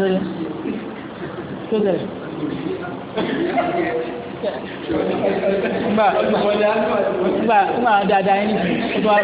ṣe tó tẹ̀lé. Nígbà nígbà dáadáa yín ní ìfún, ó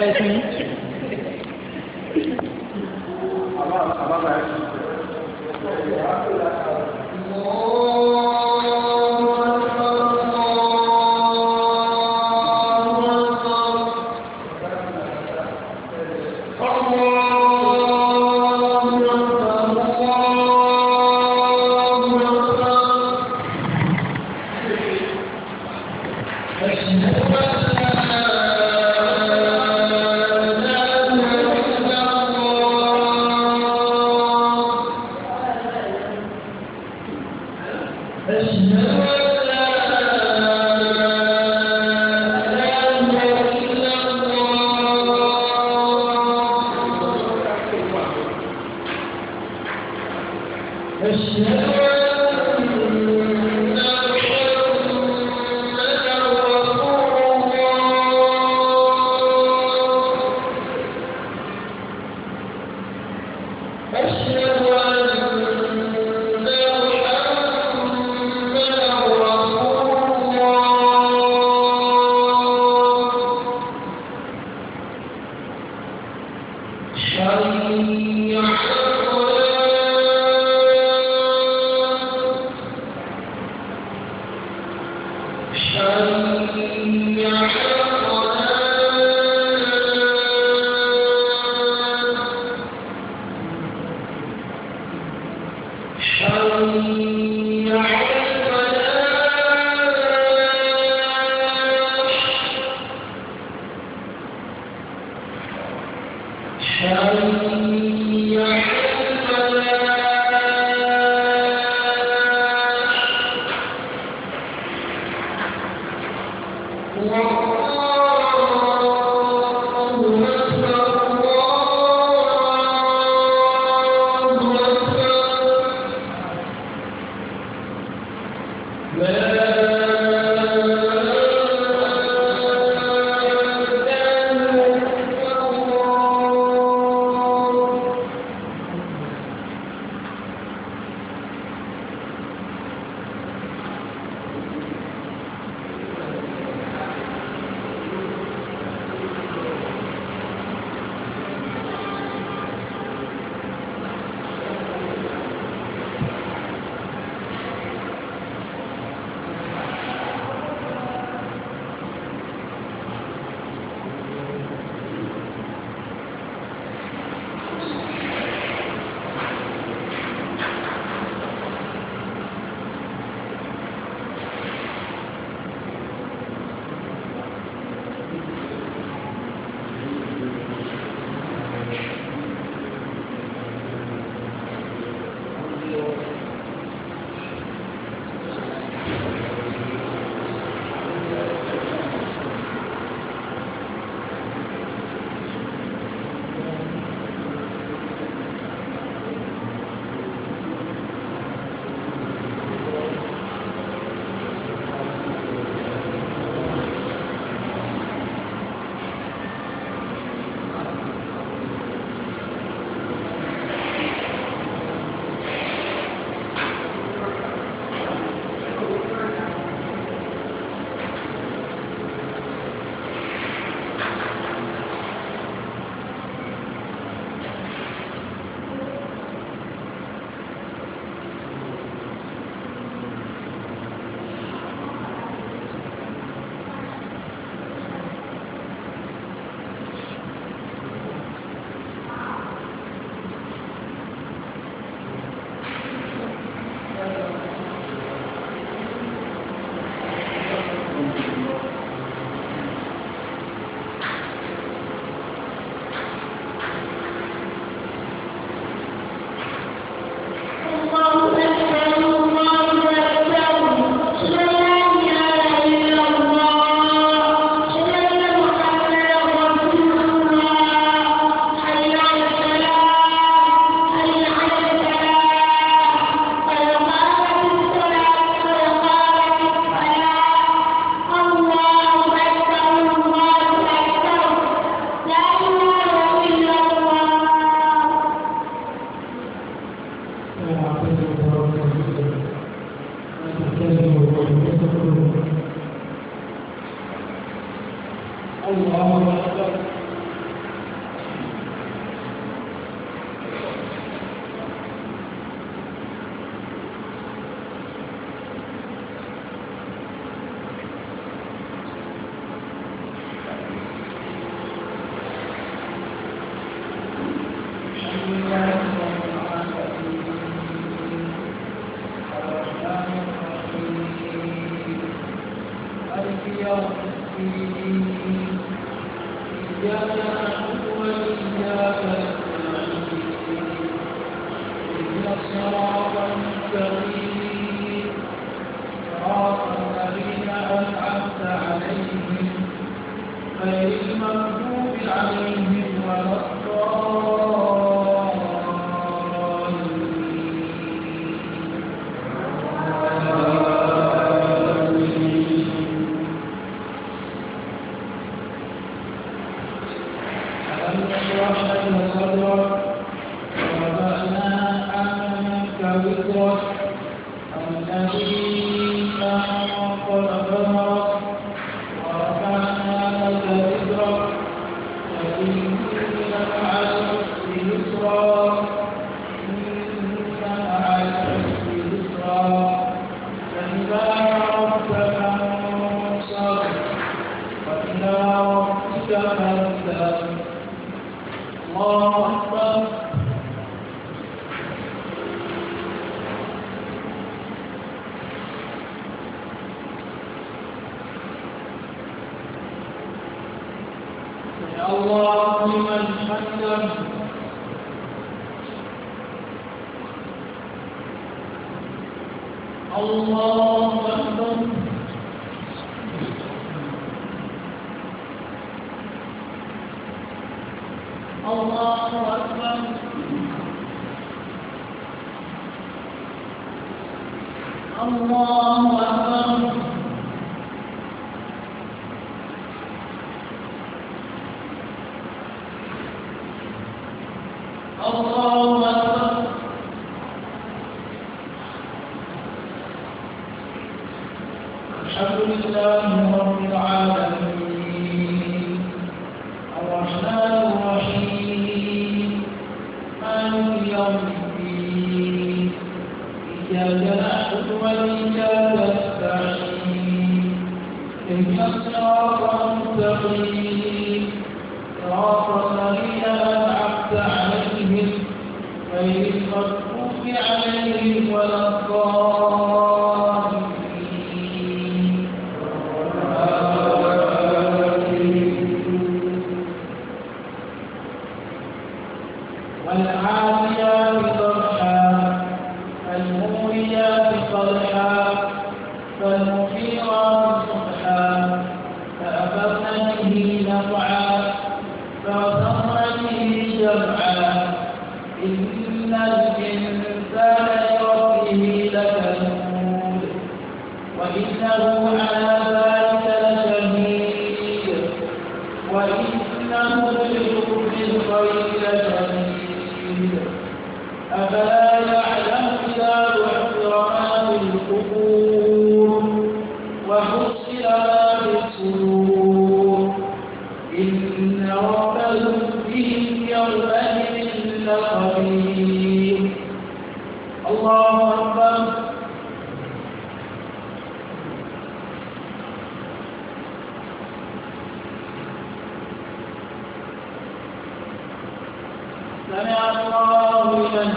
سمع الله لمن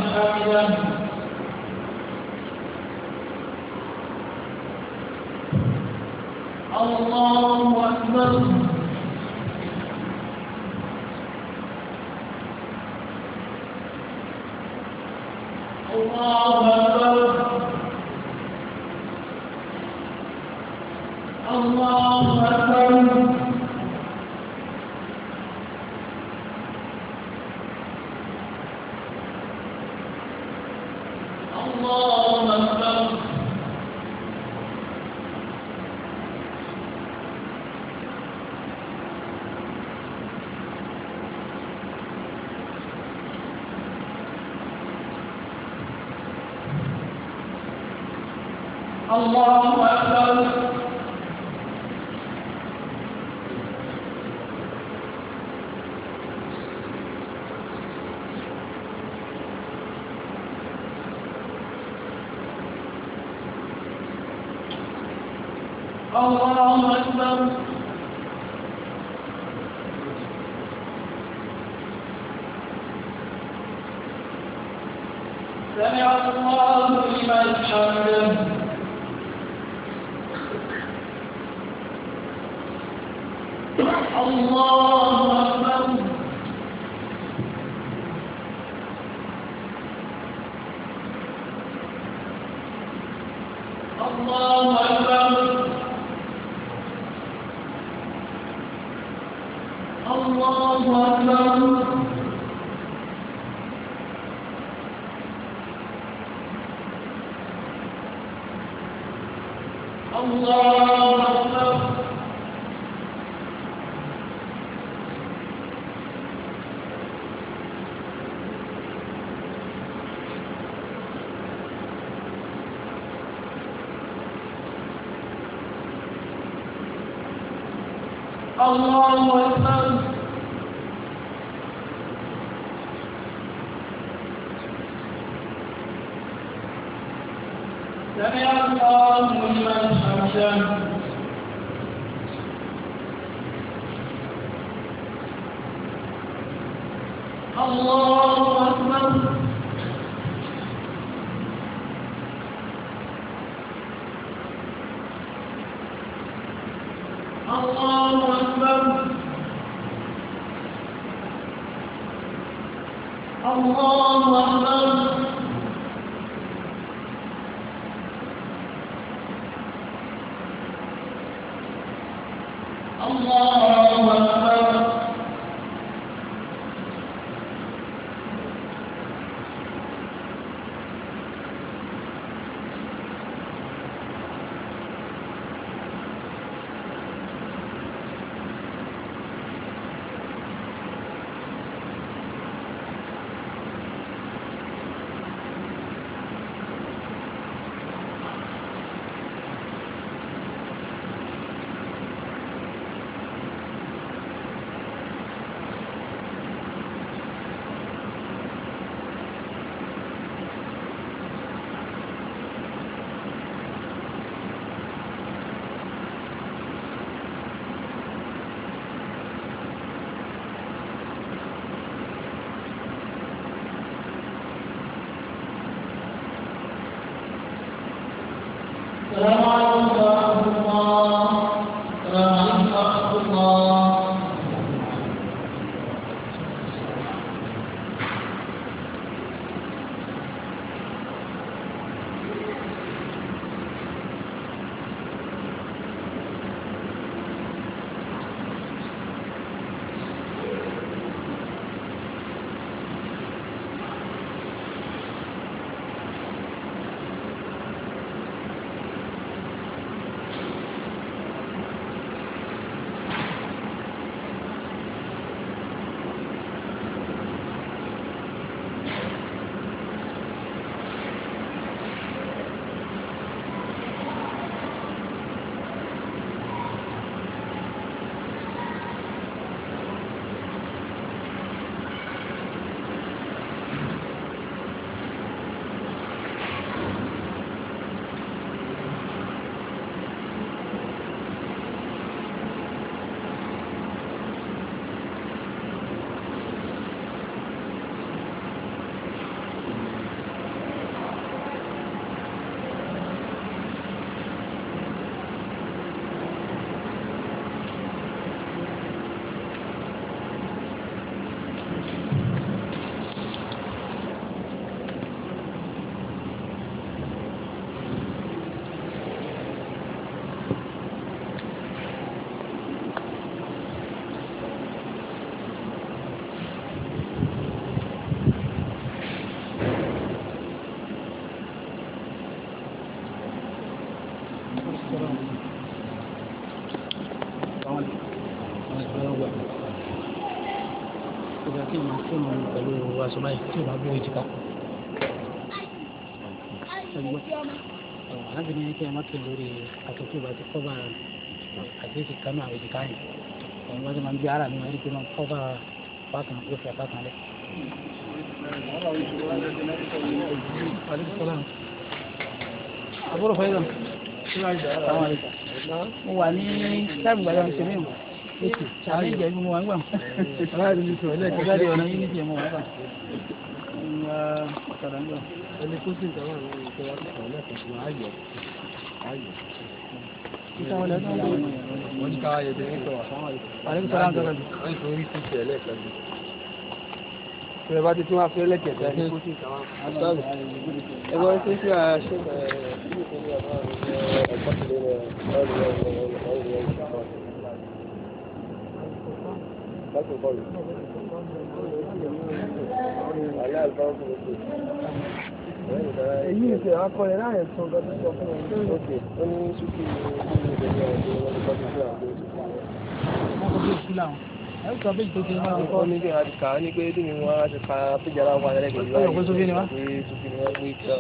حمده الله أكبر الله أكبر الله أكبر tí mo lò pẹ̀lú aṣọ báyìí tí o bá bó ìjìká. láti ní kí ẹ má kiri lórí aṣọ tí o bá ti kọ́ba àti èsì kánú àwọn ìjìká yìí òun bá ti máa ń gbé ara mi wọ́n rí pé máa ń kọ́ba bákan ó fẹ́ bákan lẹ. àbúrò fẹ́ lọ. mo wà ní táìmù gbàdúrà ṣe mí o ṣàlẹ́ ìjẹ́ mú wa ń gbà aláàrẹ mi sọ̀rọ̀ lẹ́ẹ̀kan jáde ọ̀nà yìí níjẹ́ mú wa ń gbà ẹni kó sì ń tẹ̀wọ́ àwọn olùkọ́ wa sọ̀rọ̀ lẹ́ẹ̀kan tó wà á yọ á yọ. wọ́n ti ká ayọ̀ tẹ̀lé sọ̀rọ̀ àtàwọn àyè. wọ́n ti orí ti tẹ̀ lẹ́ẹ̀kan jù. Ìrẹ̀ bá ti tún wá fẹ́ lẹ́kẹ̀ẹ́ta ní kó sì kàwá. Ẹgbẹ́ ṣíṣe àṣẹ ẹ̀kọ́ sílẹ̀ èyí ìṣe akọni láyé tún gbọ́dọ̀ sọ fún mi. ok ó ní sùkúrù ní ìdílé ọdún wọn ti kọjú sí àwọn ọdún. wọn kò tó sùkúrù àwọn ẹ sọ pé ìtòkè máa ń kọ́. ó ní kí a ti kà á ní pé tí mi wọn á ti ka péjà ara wa lẹ́gbẹ̀ẹ́ yìí. ó yọ pé ni wá. pé sókè ni wá pé ìtọ́.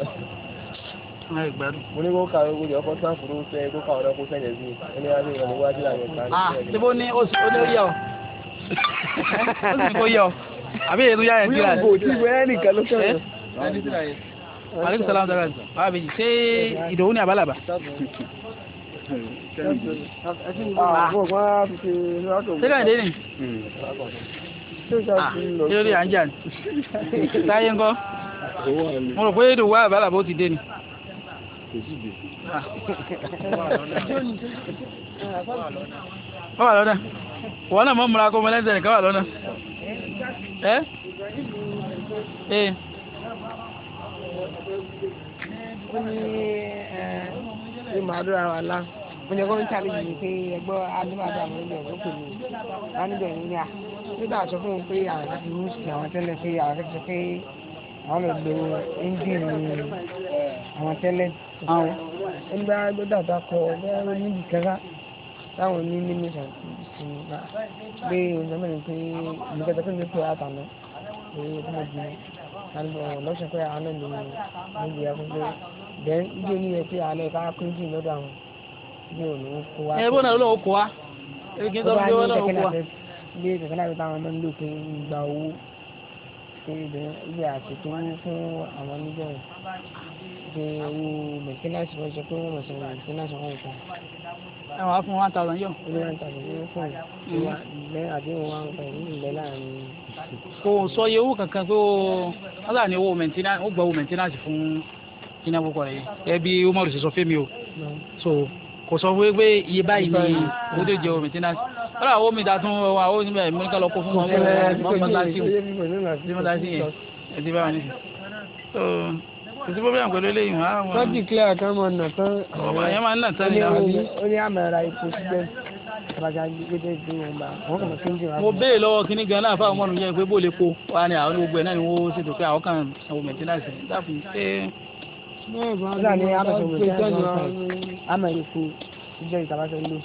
mo ní kó ka owó yọ ọkọ sáfùrú fẹ kó ka ọ̀rọ̀ kó fẹ̀yẹ̀ sí i ó ní wá sí ìrànlọ́wọ́ àti ìlànà ìgbà. ah ṣé bó ní ó ní ó yẹ ọ ó sì kó yẹ ọ àbí èyí tó yá yẹn síra. wíwò tí wẹ́ẹ́ nìkan ló sọ̀rọ̀. aleykum salaam dara ẹ̀ báwa bèjì ṣé ìdòwú ni àbálàbà. sílẹ̀ ah, dé ni. Ah, kí ló dé à ń jà ní. táyé ńkọ́ mo rò pé ìdòwú àbálàbà ó ti dé ni. kò sí dé kọ́ wà lọ́nà wọ́n náà mọ́ múra kó mọ́ lẹ́sẹ̀ nìkan wà lọ́nà ẹ́ ẹ́ ó ní ẹ màdúrà wà lá mo jẹ́ kó ń challenge mi pé ẹgbọ́ adúmọ̀dá àwọn ilé ọ̀rọ̀ pè mí wá níbẹ̀ ní ní à nígbà sọ fún un pé àwọn láti mú sí àwọn tẹ́lẹ̀ pé àwọn fẹ́ sọ pé àwọn lè lo engine àwọn tẹ́lẹ̀ àwọn ó ní bá gbọ́dọ̀ àtàkọ ọ̀gbẹ́ oníbìkẹ́rà táwọn ní ní mẹ́sàn sí i náà pé oúnjẹ mẹ́rin pé ìlúkẹ́tà pé mi pè á tàná pé kí mo bìí àlọ́ lọ́sẹ̀ pé àánú mi mo bìí akúndé bẹ́ẹ̀ ní oní yẹ pé àánú ẹ̀ka kúndì lọ́dọ̀ àwọn bí òun ló kó wa. ẹ bó náà lọ́wọ́ kó wa ebi kí n lọ́wọ́ kó wa. bí kẹ̀kẹ́ náà fi táwọn ọmọ nílò ń gba owó pé ibi àṣetò fún àwọn oníbẹ̀rẹ̀ pé owó mẹ̀kínà ṣe wọ́n ṣe pé wọ́n mọ̀ ẹ wàá fún one thousand yóò. ní one thousand yóò fún ìwà mm-hmm. ìgbẹ́ àbí wọn wá ń pẹ̀ ní ìgbẹ́ láàrin. kò sọ iye owó kankan pé ó ọ̀sán ni owó mẹ̀ntínà ó gba owó mẹ̀ntínà sí fún kíná púpọ̀ rẹ̀ ẹ bí Umaru ṣe sọ fẹ́mi o mm-hmm. so kò sọ pé pé iye báyìí ni owó tó jẹ owó mẹ̀ntínà sí ọ̀rọ̀ àwọn omi ìdásún wa ó níbẹ̀ mọ́níkà lọ kó fún wọn mọ́tàlásí yẹn ẹ ti bá wà nísìnyí kò sí problem pẹ̀lú eléyìí hàn án. wọ́n ti clear kan mọ̀ nà tán. ọmọ yẹn máa ń nà tán ni àwọn. ó ní àmàlà ipò síbẹ̀ àbàjá gbẹdẹ bí wọn bá wọn kàn sí ìjọba. mo béèrè lọ́wọ́ kínní gan náà fáwọn ọmọdé yẹn pé bó lè po wa ni àwọn gbogbo ẹ̀ náà ni wọ́n ṣètò pé àwọn kan sanwó mẹ̀tíláṣì dáàbò ṣé. nígbà ní abẹ́sẹ̀ wò ṣe ń lọ àmọ̀ ìrìkú ìjẹ́ ìtàbáṣẹ́ ló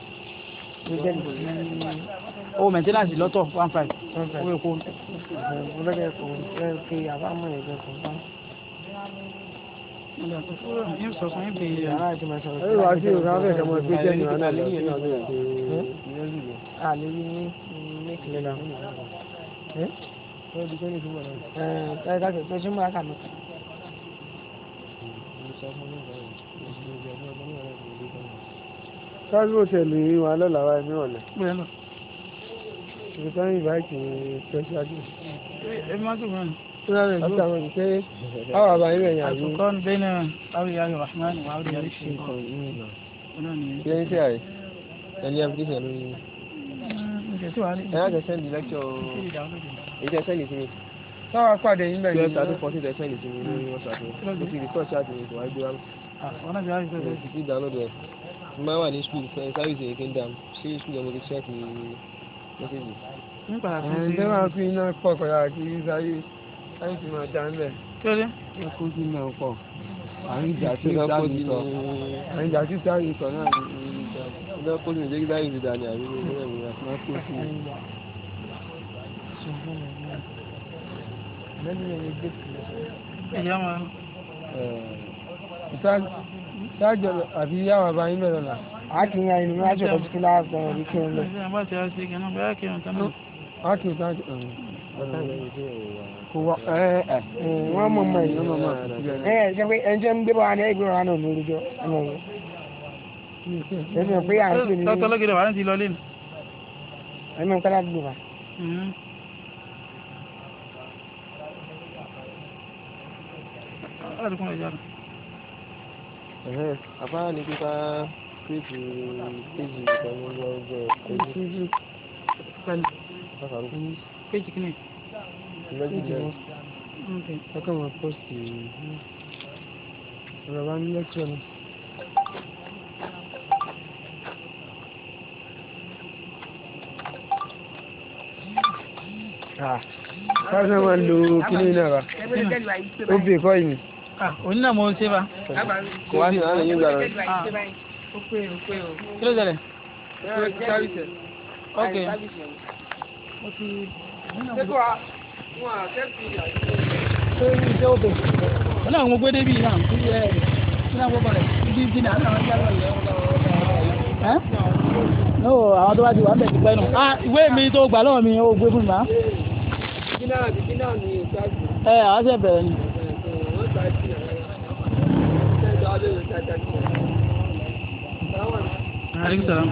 ìjẹ́ ìtàbáṣẹ́ ló owó mẹ̀tíláǹsì lọ́tọ̀ one five owó epo. ọ̀rẹ́ kẹ́kọ̀ọ́ kí àbámu ẹ̀jẹ̀ ẹ̀rọ àti ìrora bẹ́ẹ̀ wọn lọ́la wa ní ọ̀lẹ́. ìtàn ìbáyìí kì í tẹ̀síwájú. ẹ má tó mọ́ látàwọn ìṣe àwọn àbá yín bẹ̀yìn àbí. àtúkọ́ ń bẹ́ẹ̀ náà awùyá rahman wà áwùyá ṣe kọ́. kí ló ń ṣe àyè ẹni application ló ń yí. ẹ yá jẹ sẹ́ndì lẹ́kṣọ̀ èyí jẹ sẹ́ndì sí mi. táwa pàdé yín bẹ̀yìn. twelve thirty fourteen jẹ sẹ́ndì sí mi lórí whatsapp mo ti record ṣáàtì mi kò wá gbé wá. Ah, wọn náà ti wá record ẹ. ti download ẹ máa wà ní school fẹ sáyẹ̀sì èké ń dà sí school ọmọdé ṣẹ́ẹ̀kì mẹ́sẹ̀gì. nípa àti ìdẹ́wà fi iná pọ̀ kọ́ra kí sáyẹ̀sì ẹni tí máa dá ń bẹ̀. kílódé. ẹ kó sí náà pọ̀ àríjà tí sáyé sọ àríjà tí sáyé sọ náà ní ìjà ìjà kó sí ìjẹ́ kíláyé ti dàní àbí ní ìwé ìwé àti máa kó sí. ìyá máa. ṣáàjọ àbí ìyá wa bá yín bẹ̀rẹ̀ la. a kì í yan inú láti ọ̀dọ̀ títí láàbọ̀ orí kí n lọ. a kì í sáájú wọ́n mọ̀ mọ̀ yìí wọ́n mọ̀ mọ̀ ẹ ẹ jẹ́ pé ẹnjẹ́ ń gbé bọ́ wa lọ́jọ́ ọkàn wọn pọ́ọ̀sì ọ̀rọ̀ wa ní lẹ́kọ̀ọ́ ni. Ah. káṣán máa lo kíní náà wa ó bè kọ́ ìní. Ah, òun náà mo ń ṣe bá. kò wá sí ìlànà yín gbà lọ. Ah. kí ló ṣẹlẹ̀. ok wọn àkẹ́kọ̀ọ́ ìyàtọ̀ náà kí ẹ kí náà gbọ́dọ̀ ibi ibi náà náà ń jáde ẹ no àwọn tó bá ti wà bẹ̀ ti pẹ́ nù ah ìwé mi tó gbà lọ́wọ́ mi ó gbé fún mi má. ẹ àwọn ṣe bẹ̀rẹ̀ ni. Aleykum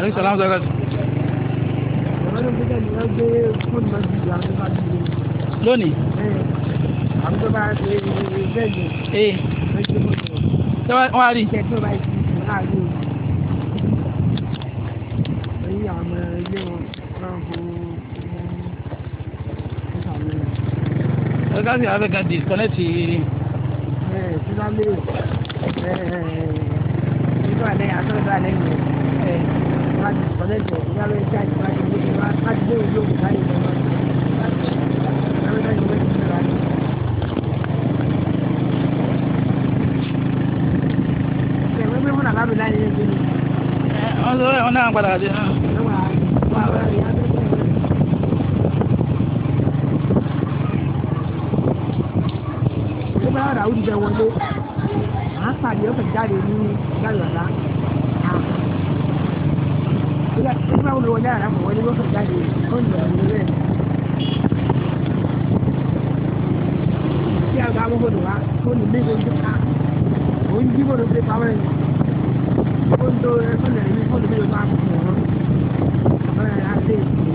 aleykum salaam wa rahmatulah. lónìí. ee wọ́n á rí. ọ̀gá sì àwọn ẹ̀ka disconnect yìí. ẹ ẹ sísá lérò ẹ ẹ nígbà lẹ́yìn àtọ́jú àlẹ́ yìí ọ̀nà àwọn padà dé náà. ó bá rà ó jẹ wọlé màá pàdé ọkọ̀ jáde ní gbàlọ́lá. òun ló dára kò wọlé gbọ́kàn jáde ó ìlú rẹ̀. tí a gba gbogbo nù wá ní méje ń dúkà òun jí gbọ́dọ̀ pé pàmò ẹ̀ ó ń tó ẹ̀ fọ́nà ẹ̀mí fọ́nà méje máa kù ọ̀rọ̀ ọ̀rọ̀ ẹ̀ á dé ìlú.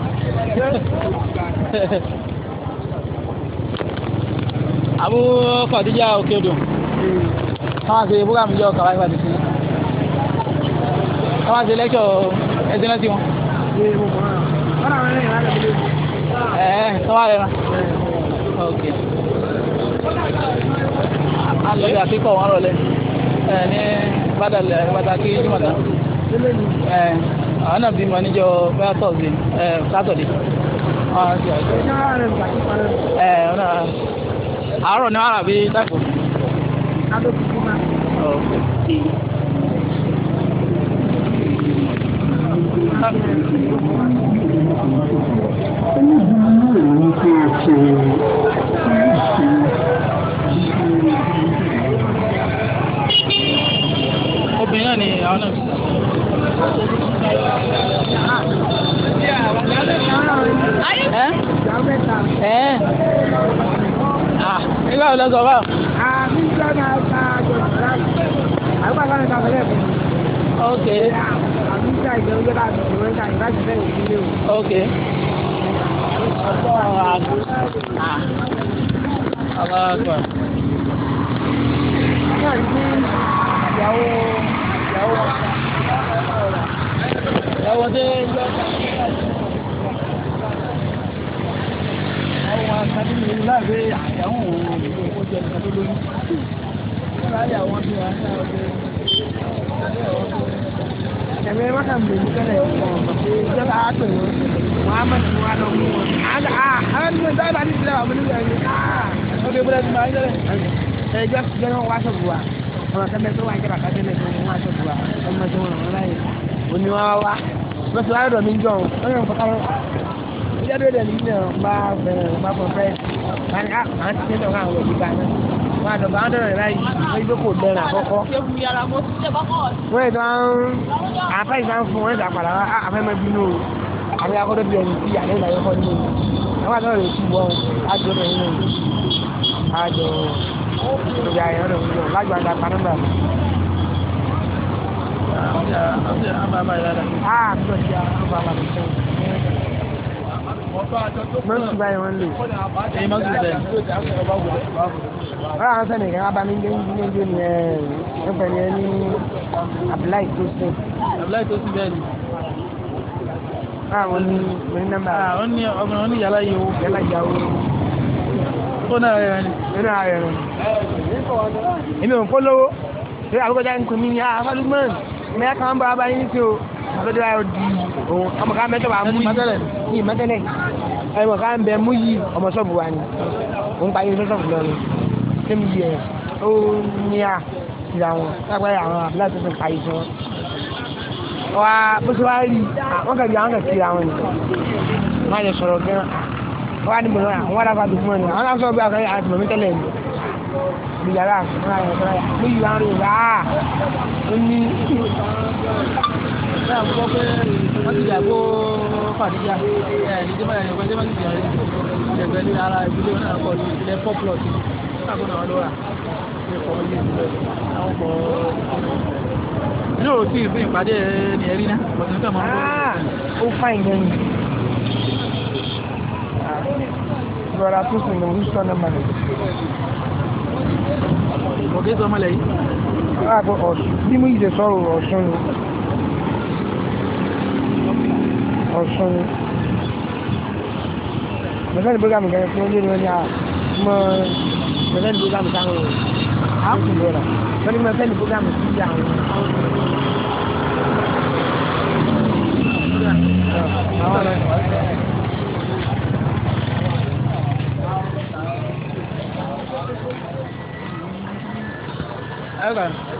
Abu Khadija Okedo káwọn ṣe program jọ kàwáyé pàdé sí káwọn ṣe lẹ́kṣọ̀ ẹ̀sìn náà sí wọn. ẹ̀ẹ́ sọ́wọ́ rẹ̀ náà. ok. a lọ bí akíkọ̀ wọn rọlẹ̀ ẹ̀ ní bàdàlẹ̀ pàtàkì jùmọ̀tà. ẹ̀ẹ́ àwọn náà bímọ níjọ́ bẹ́ẹ̀ tọ́sí ẹ sátọ̀dé. ẹ ọ̀nà àárọ̀ ní wàrà bíi dàpọ̀. Thank you. lọ sọ fáwọn. àmì ìjọ náà ta àjọyọ̀ láti àgbà láti ta fún mi. ok. àmì ìjọ ìjọ ìjọ náà ti wọ́n ta ìbá ti fẹ́ ìdílé o. ok. ọ̀pọ̀ àwọn àgbà. ọ̀pọ̀ jẹ nǹkan tó lóyún. Láyé àwọn bí wàá sá ọdún ẹgbẹ́ àwọn tó ẹ̀mí mọ́tà ń bèèrè tẹ́lẹ̀ ọ̀pọ̀ ìjọba á pè wọ́n wọ́n á mọ̀tì wọn lọ mú wọn. Àwọn ẹni tó ń bá ní ìdílé wà mí nígbà yìí. Ọ̀gẹ̀ bọ́lá ti máa ń yẹlẹ̀. Ẹjọ́ ti jẹ́ wọn wá sọ̀bù wa. Ọ̀rọ̀ tẹ́lẹ̀ tó wà jẹ́ra kájẹ́ lẹ̀ tó wọn wá sọ̀bù wa. Ọmọ tí wọn rán láyé. Òní wọn wá wá. Lọ́sọ̀rọ̀ ayọ̀dọ̀ mi ń jọ̀ ẹ̀dọ́ ìdẹ̀ ní ìnà bá bẹ̀rẹ̀ bá bọ̀ fẹ́ báyìí àwọn ti tẹ́lẹ̀ wọn àwọn ìgbà náà wọn àdọ̀bà wọn dọ̀rọ̀ láyé wọn ìgbé kò dẹ̀rẹ̀ wọ́n ètò àwọn àfẹ́ ìfẹ́ fún wọn ìdàpàdà àfẹ́ ah, mọ́ bínú o àbí akọ́dọ̀ bí ẹni tí àlẹ́ ìlàyé kọ́ ní ìlú àwọn àdọ̀rọ̀ rẹ̀ ti wọ́n àjọ bẹ̀rẹ̀ nínú àjọ ìgbà ìrọ̀lẹ́ òwúrọ̀ lájọ àdàpà nọ́mbà Ah, good job mọ́tò báyìí wọ́n lò. ẹyin mọ́tò bẹ́ẹ̀. wọ́n àwọn sẹ́ni kan abami ní ní ní ní ẹ̀ ẹ̀ pẹ̀lú ẹ ní Abdullahi Tosin. Abdullahi Tosin bẹ́ẹ̀ ni. àwọn ní mẹ́rin nọ́mbà. àwọn ah, ní ọmọ ní yàrá yìí o. yàrá yìí o. ó náà rẹ̀ rẹ̀ ni. ó náà rẹ̀ rẹ̀ ni. èmi ò ń polówó. ṣé àbúkọ̀já ń pè mí ní afálúmọ́ọ̀nù. Ah, mẹ́ta kan bọ́ abáyé ní sí o àtọ́jú ayọ̀ di òun ọmọ ká mẹ́tọ́ wà mú yìí yìí mẹ́tẹ́lẹ̀ ọmọ ká bẹ mú yìí ọmọ sọ́ọ̀bù wa ni òun pa yín sọ́ọ̀bù lọ ni sẹ́mi yìí ẹ̀ ó ní à ìlà wọn lápá àwọn àbúlá tó ń pa yín sọ wa bó ṣe wá rí wọn kàn bí àwọn kàn sí ra wọn ni wọn á jẹ sọ̀rọ̀ gan wọn á ní bọ̀dọ̀ wọn á dáfà tó fún wọn ìyàrá àkùnrin àyàn fúnra yà ní ìyá rẹ̀ rà ní. bẹ́ẹ̀ mo pé wọ́n ti yàgò fàdíjà ẹ̀ ní jẹ́mọ̀ ẹ̀ ẹ̀gbẹ́ jẹ́mọ̀ ti yàrá ẹ̀gbẹ́ ní ara ìdílé náà kọ́ ní ìdílé four plot káàkó náà ló rà ní ìfọ̀ ní ìdílé àwọn ọmọ yóò tí ì fún ìpàdé ní ẹ̀rí náà bọ̀dé nígbà máa ń bọ̀. ó fáyìn lẹ́yìn ah, brother tuntun ló ń sọ ọ̀kẹ́ sọ mọ́lẹ̀ yìí. àpò ọ̀sùn bí mo ìṣe sọ̀rọ̀ ọ̀sùn ni ọ̀sùn ni mẹ́fẹ́ ní kan fún olórí wọn ni a mọ mẹ́fẹ́ ní bógámù táwọn á kù lọ́la wọ́n ní mẹ́fẹ́ sí ìyá àwọn àwọn Okay. Okay.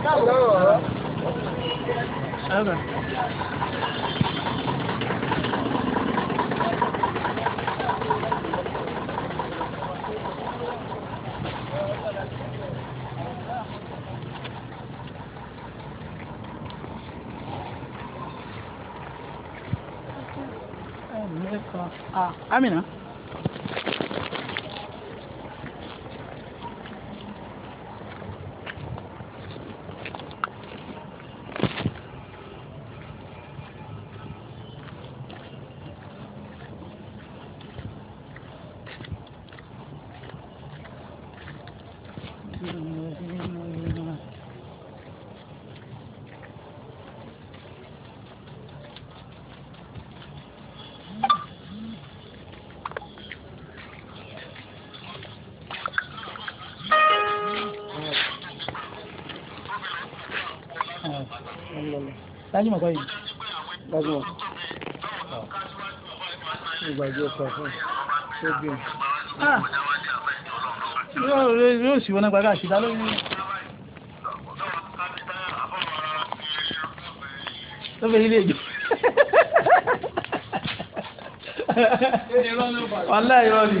Ah, Amina. lájú mọ̀ sọ́yìn lájú mọ̀ ìgbàgbé ọkọ̀ fún ṣé bí i. yóò sì wọnà gbàgbà àṣìdá lórí ní. tó fẹ́ ilé ìjọ. wàhálà ìrọ̀lì.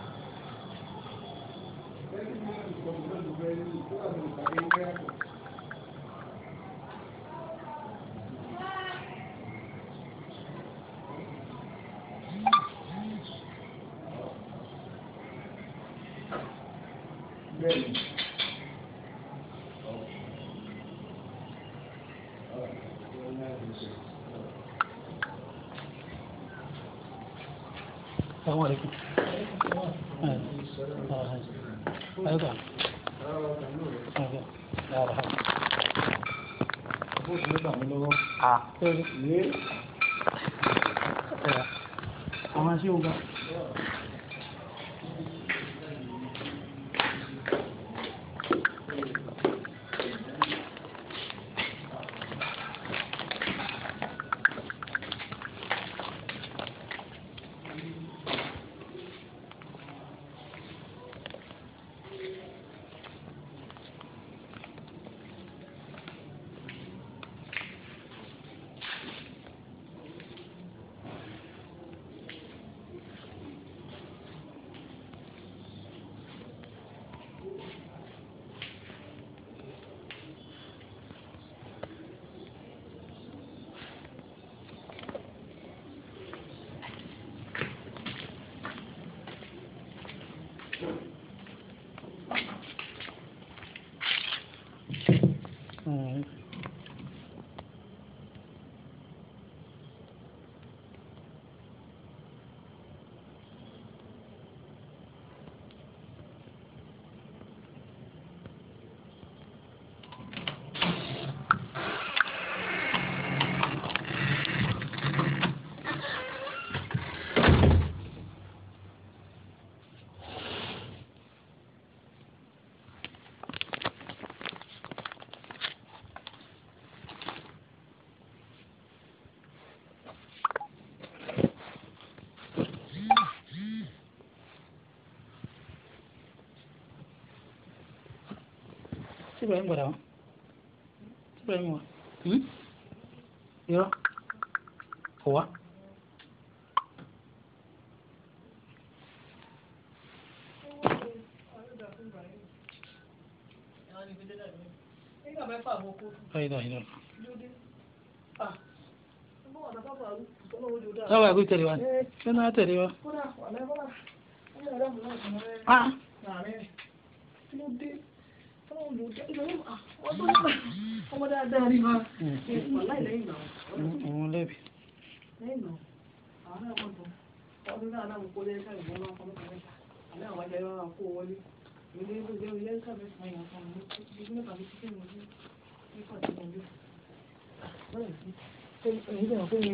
于 Ibrahim gbọ́dọ̀ wọn tí Ibrahim wà hmm? irọ́ kò wá. Sáwà ẹ̀kú tẹ̀lé wa, ṣé náà tẹ̀lé wa? Ah! ọmọ dáadáa rí ma ọ̀la ìlẹ́yìn náà. òun lẹ́bi. lẹ́yìn náà àwọn náà wọ́n dùn ọdún náà náà kó lẹ́yìn ká ìgbọ́n náà kọ́mọ́tà mẹ́ta àmì àwọn ajá yọ̀ọ́ kó wọlé ilé ìlú jẹ́ ilé ìka bẹ́ẹ̀ fún ẹ̀yàn kan ní ìdílé tàbí títí mo ní nípa ìdílé ọdún. bẹ́ẹ̀ sí èyí bẹ̀rẹ̀ pé mi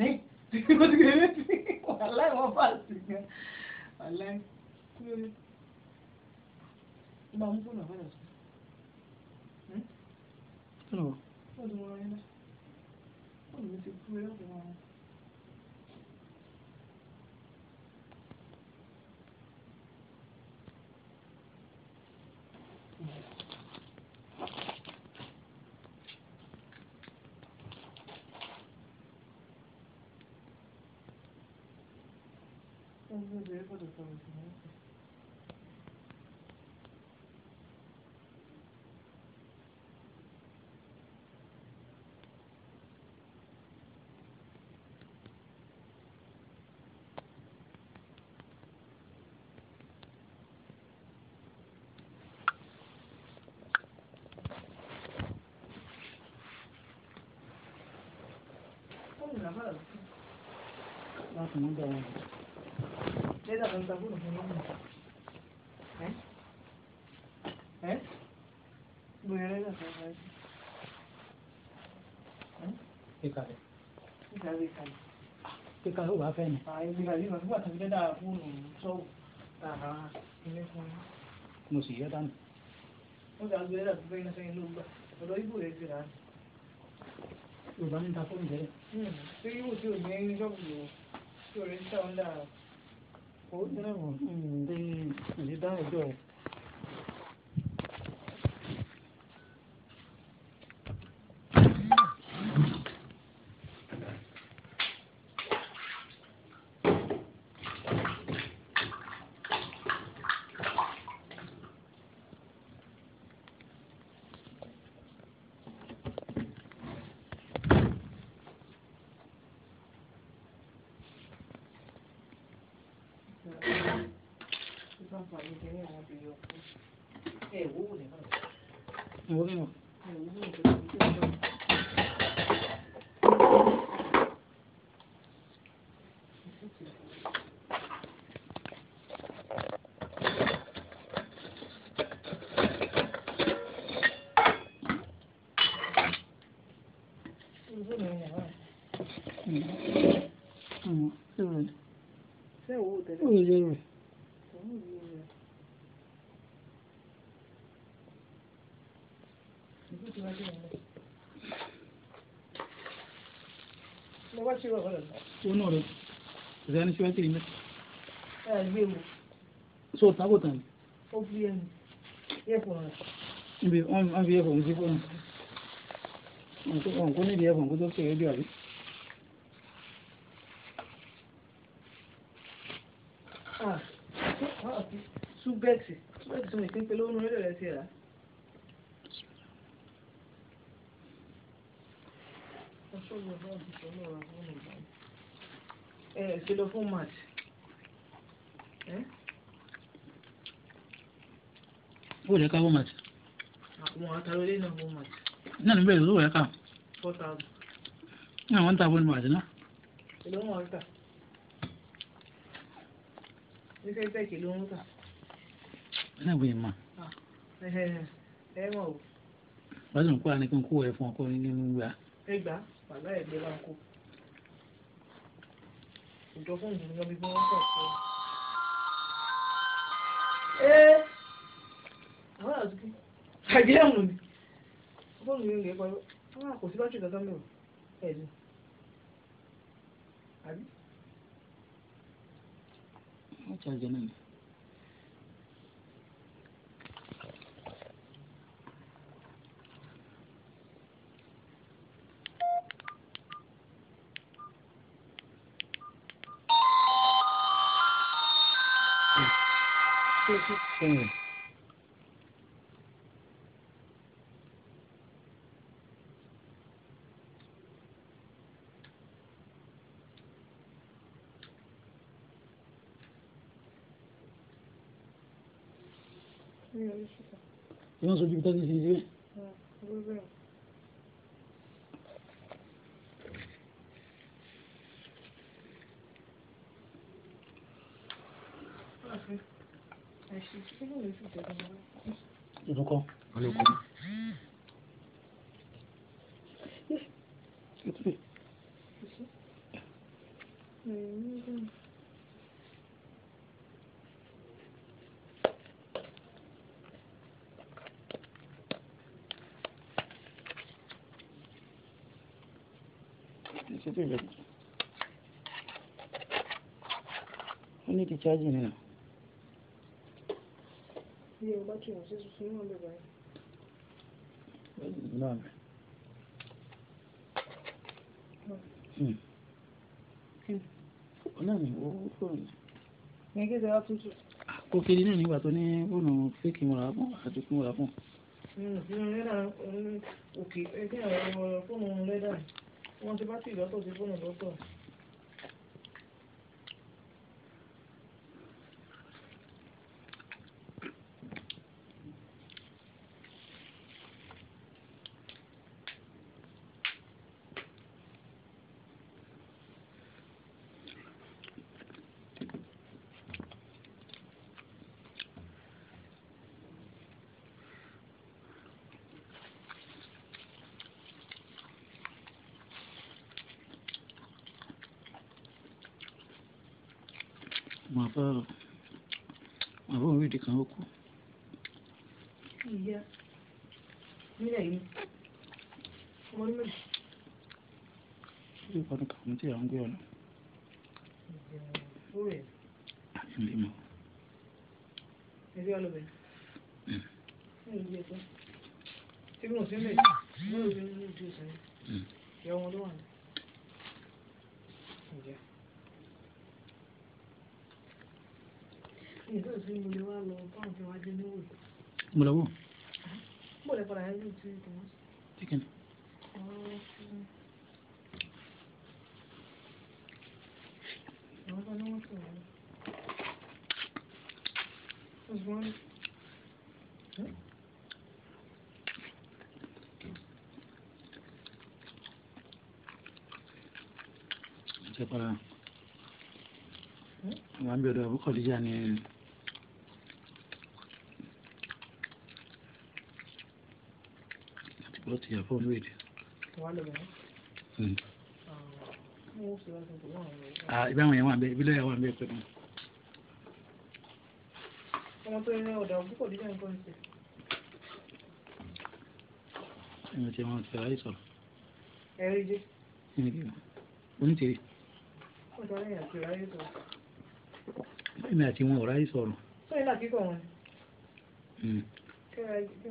kò Ti yon dike, wala yon wapal ti gen. Wala yon, kou yon yon. Yon nan moun pou nan fanyan. Kou yon, moun moun yon yon. Moun moun moun yon pou yon pou yon. 선생님도 읽어줬다고 했잖요나 죽는다. 아, मेरा वृंदावन होना है है मेरे का है Kikali. Kikali kali. Kikali huwa feni. Kikali huwa huwa tangga da pun so. Aha. Musia tan. Musia gue dah pengen nasi lumba. Kalau ibu dah kira. Lumba ni tak pun deh. Hmm. Jadi ibu tu main job tu. Tu orang tahu dah. ó dẹ́rẹ̀ wọ̀n lè hmm, dá ẹjọ́ 哎，我问你，我问你。wáṣíwọ̀ ọ̀rọ̀. ó náà rẹ̀ ìṣẹ́ ní ṣíwájú ìmẹ́. ẹ gbé wo. so tábò tán. ó fi ẹnu ẹ̀fọ́ rẹ̀. níbi wọ́n fi ẹ̀fọ́ sí fóònù. ọ̀nkó nídìí ẹ̀fọ́ kó tó ṣe rédíò àbí. súbẹ́ẹ̀tì súbẹ́ẹ̀tì tó kìlọ̀ fún mat bó lẹ́ka fún mat. àwọn àtàlólé náà fún mat. náà níbẹ̀ ló wẹ̀ ká. four thousand. náà wọ́n ta fún mat náà. kìlọ̀ wọn ta. tà. iṣẹ́ bẹ́ẹ̀ kìlọ̀ wọn ń tà. náà bóyá ma. ẹ mọ̀ o. wọ́n sì ń kó àníkún kó ẹ̀ fún ọkọ nínú ìgbà. ẹgbàá bàbá ẹ̀ gbé wa kó ìjọ fún ìdílé lọ bí gbé wọn pọ̀ sí. ee àwọn àdúgbò àgbéyàwó mi fóònù mi ń lè pariwo wọn kò sí bátìrì kankan mẹ́wàá ẹ̀ ní. àbí. wọ́n ti àjẹ náà ni. 16. Oui, oui, c'est ça. Et títí ìjọba wọ́n ní ti chájì nínú. Ilé ọba kí wọ́n ṣe tuntun náà lè báyìí. Náà mi. Náà mi, ó fòrò. Ní kí ṣe wá tuntun? Ah, Kò kiri náà nígbà tó ní fóònù fíìkì mọ̀ra fún àti fún mọ̀ra hmm, fún. Òkè ẹgbẹ́ àwọn fóònù lẹ́dà. 我这边记得都记不了多少。bàbá bàbá òun rèdè kan ó kú. ìyá nílẹ̀ yìí ọmọ ní méjì. ṣé ìpanu kàwọn tí à ń gbé ọ̀nà. ìyá ó rẹ̀. àti ìlú mọ́. ẹ̀rí ọlọ́bẹ̀. máa ń bí ọ̀dọ̀ àbúkọ̀díjà ni. àti bọ́ ti yàfọ́ ń wèdè. ibà wọn yẹn wà ń bẹ ah, ibi lọ́yà wà ń bẹ pẹ̀lú. ọmọ tó ń rẹ ọ̀dọ̀ àbúkọ̀díjà ń kọ́ ní sè. ẹni tí wọn ti ráyè sọ̀rọ̀. ẹ̀rí jẹ́. oníṣẹ́ èmi àti wọn ò ráyè sọ̀rọ̀. sọ́yìn náà kíkọ̀ wọn. Hmm. kí ló dé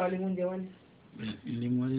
wà lé oúnjẹ wálé. Hmm, ilé wọn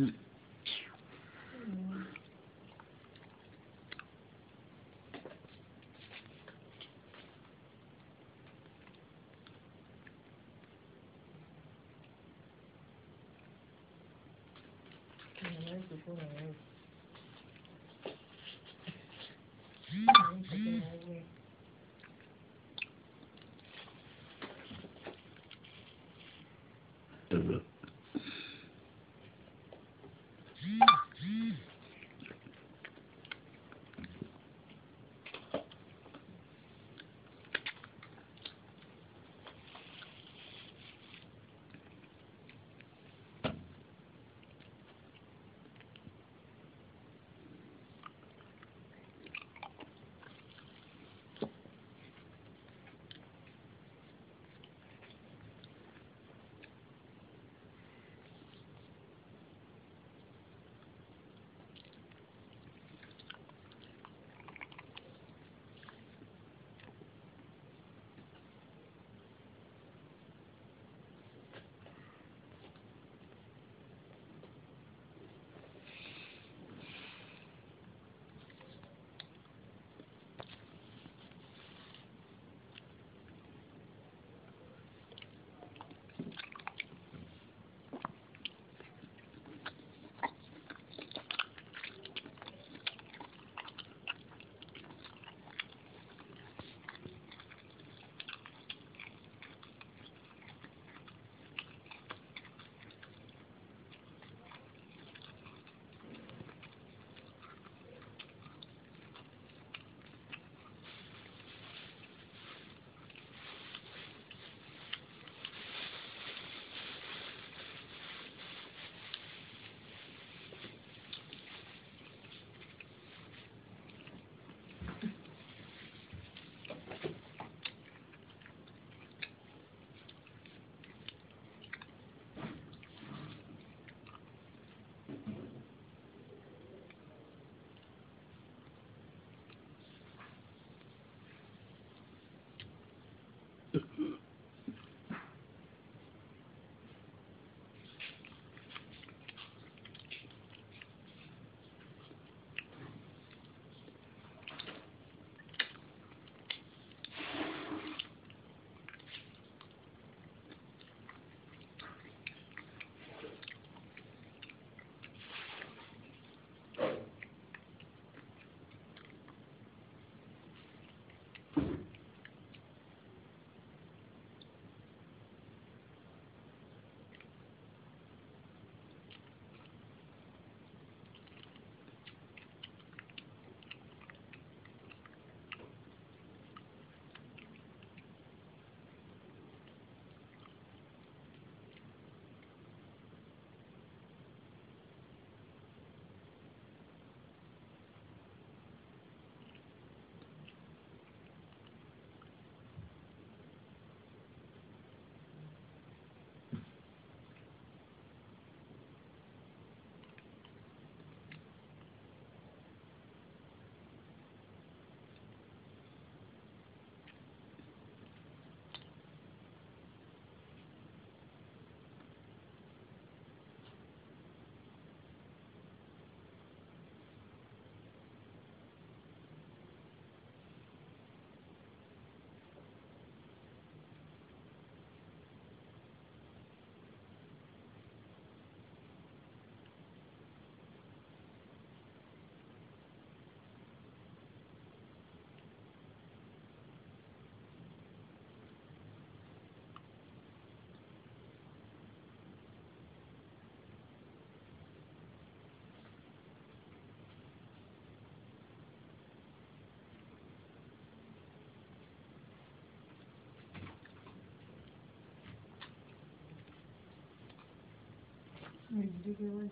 Látàrí wọ̀,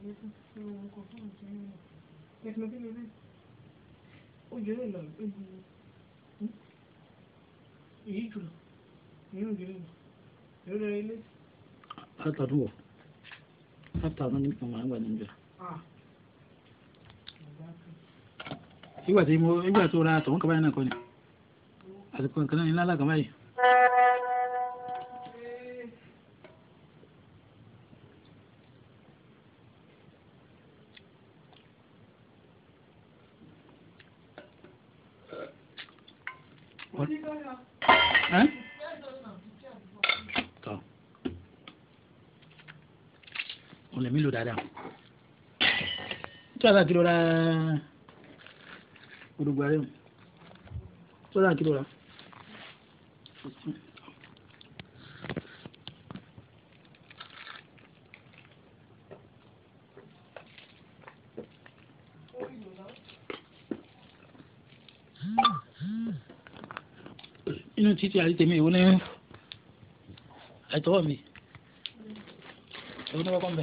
látàrí ní ọmọ àgbà níjọ. Ìgbà tí mo, ìgbà tó ra àtọ̀wọ́n kàbáyé náà kọ́ ni, àti kọ̀ǹkan náà ní lálàkàbáyé. òun lèmi lò dáadáa tí wàá sàkìlò ra olùgbà rẹ tí wàá sàkìlò ra. inú títí àrítẹ̀mí ìwọ ní àìtọ́wọ́ mi ìwọ ní wọ́n kọ́ ń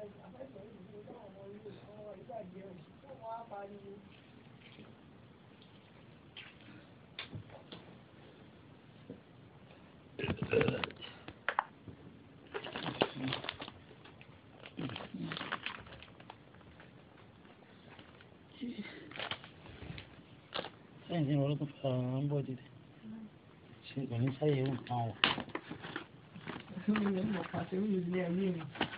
哎，俺我一走，我我老多花板你猜一用我。我也没看，就是两眼。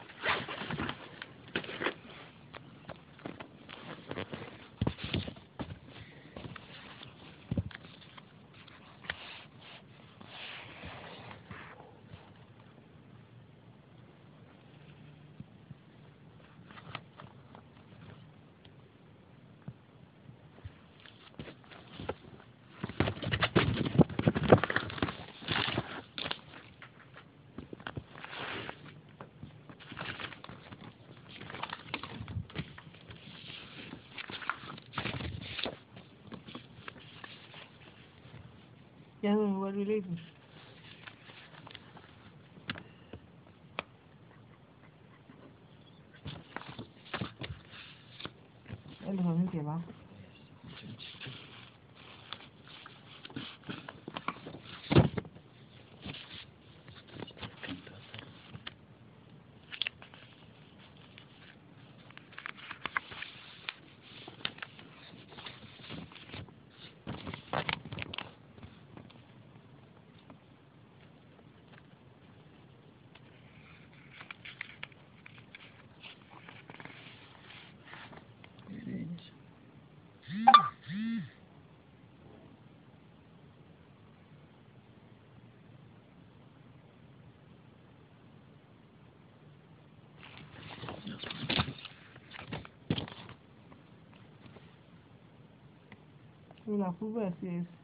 Solar Proverb CSC.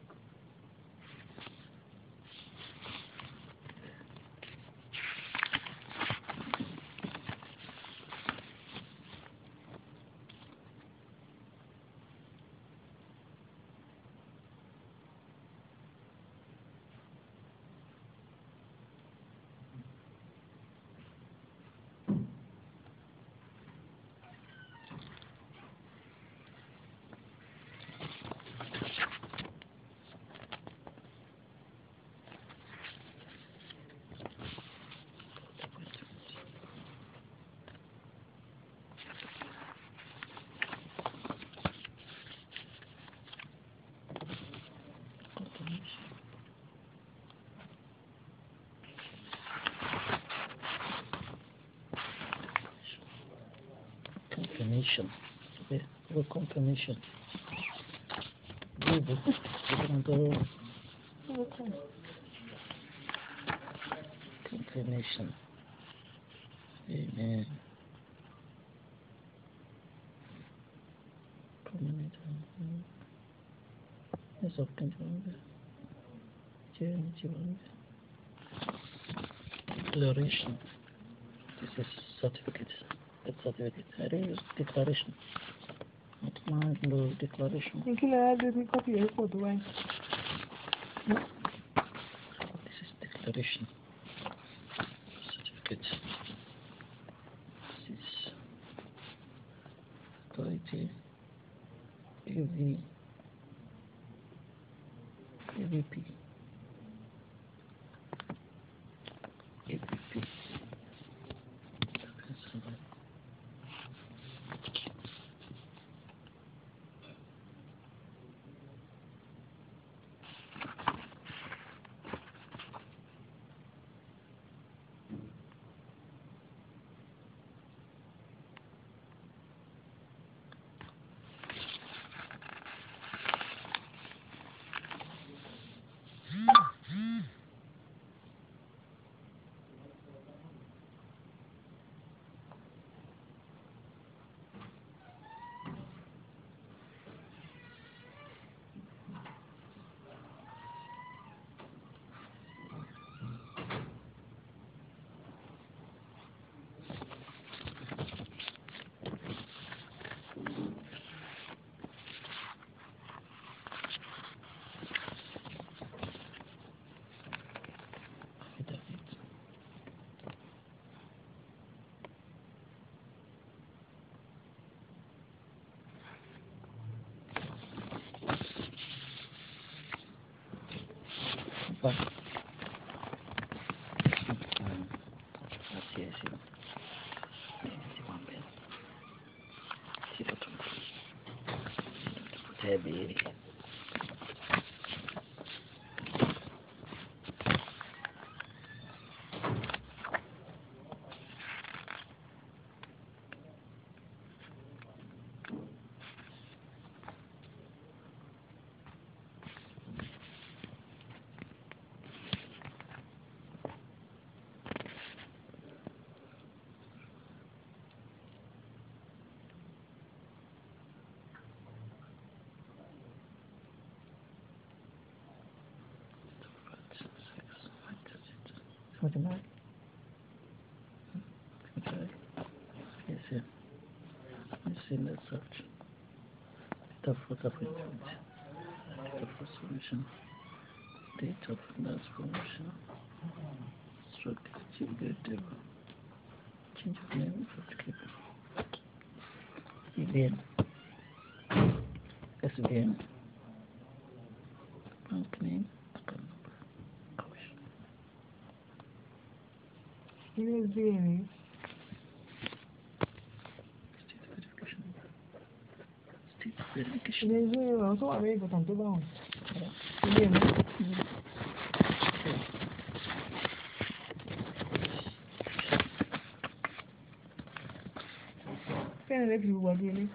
double confirmation. Double. double confirmation. Amen. Prominent. That's of control. Declaration. This is certificate. That certificate. I Declaration. Mind declaration. You copy for the wine. This is declaration. Certificate. This is authority. AV. diabetes. Look at Okay. Yes, yeah. Let's see that search. Data for the Data solution. Data for that solution. Structure trigger table. Change of name for click. EVN. SVN. béèrè. ilé ìwé ìrọ̀rùn tó wà lórí ìbùkún tó bá wọn ilé mi. fẹ́ràn